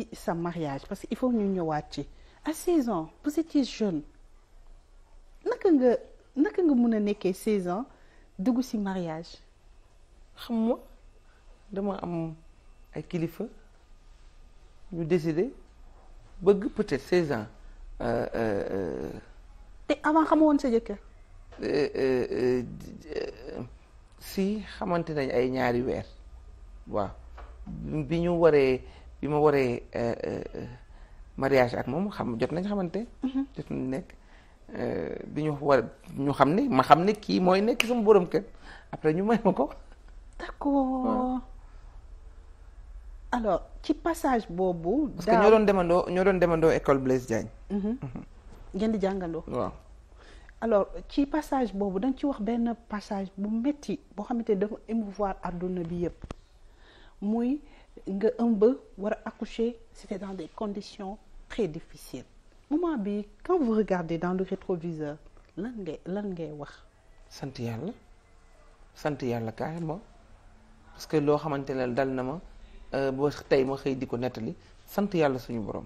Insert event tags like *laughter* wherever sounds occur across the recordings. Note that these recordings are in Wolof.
ci sa mariage parce que il faut ñu ñëwaat ci à saison ans vous étiez jeune naka nga naka nga mun a nekkee saison ans dugg ci mariage. xam nga dama am ay kilifa ñu décider bëgg peut-être 16 ans. Euh, euh, te avant xamu sa jëkkër. Euh, si xamante nañ ay ñaari weer waaw bi ñu waree. bi ma waree euh, euh, mariage ak moom xam jot nañ xamante. Mhm. jot nañ nekk euh, bi ñu war ñu xam ni ma xam ne kii mooy nekk sama borom kër après ñu may ma ko. d'accord alors ci passage boobu. parce que ñoo doon demandoo ñoo doon demandoo école Blaise Diagne. Mhm. Mhm. ngeen di jàngandoo. ci passage boobu dañ ci wax benn passage bu metti boo xamante ne dafa émouvoir adduna bi yëpp. muy nga ëmb war a accoucher c'était dans des conditions très difficiles moment bi quand vous regardez dans le rétroviseur lan ngay lan ngay wax. sant yàlla sant yàlla carrément parce que loo xamante ne dal na ma euh, ba tey ma xëy di ko nettali sant yàlla suñu borom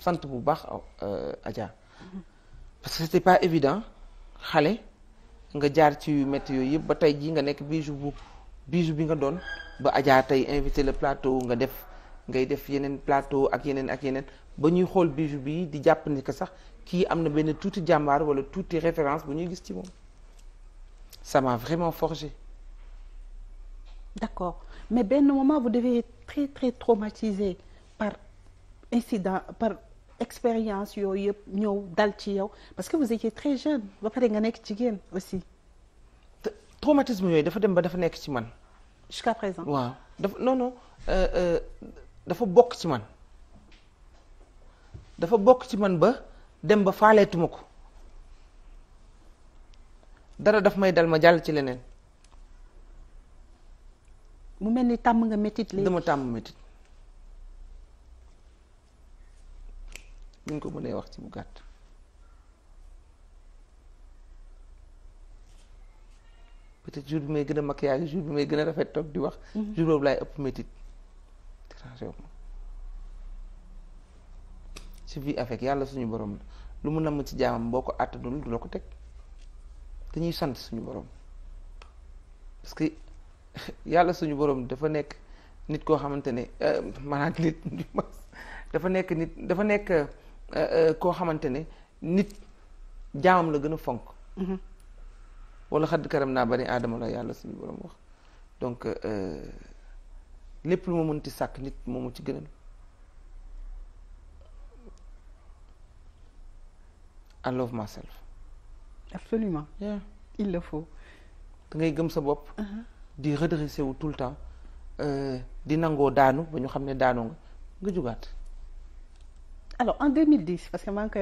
sant bu baax euh, Adja parce que c'était pas évident xale nga jaar ci yu métti yëpp ba tey jii nga nekk bii jour bisu bi nga doon ba Adja tey invité la plateau nga def ngay def yeneen plateau ak yeneen ak yeneen ba ñuy xool bisu bi di jàpp ni que sax kii am na benn tuuti jàmbaar wala tuuti référence bu ñuy gis ci moom ça m'a vraiment forgé. d'accord mais benn moment vous devez être très très traumatisé par incident par expérience yooyu yëpp ñëw dal ci yow parce que vous étiez très jeune ba pare nga nekk jigéen aussi. traumatisme yooyu dafa dem ba dafa nekk ci man. jusqu'à présent waaw dafa noonu euh, euh, dafa bokk ci man dafa bokk ci man ba dem ba faaleetuma ko dara daf may dal ma jàll ci leneen. mu mel ni tàmm nga métit léegi dama tàmm métit ni ñu ko mënee wax ci mu gàtt. te jour bi may gën a maquillage jour bi may gën a rafet toog di wax. Mhm. jour boobu laay ëpp métit déranger ma je vis avec yàlla suñu borom la lu mu namm ci jaamam boo ko àttanul du la ko teg dañuy sant suñu borom parce que *laughs* yàlla suñu boroom dafa nekk nit koo xamante ne euh, maanaam *laughs* nit dafa nekk nit dafa nekk euh, euh, koo xamante ne nit jaamam la gën a fonk. Mhm. wala xadd karam naa bani aadama la yàlla suñu borom wax donc euh, lépp lu ma mënti sàkk nit moomu ci gënal I love myself. absolument. ngay gëm sa bopp. Uh-huh. di redressé wu tout le temps euh, di nangoo daanu ba ñu xam ne daanu nga nga jugaat. alors en 2010 parce que maa koy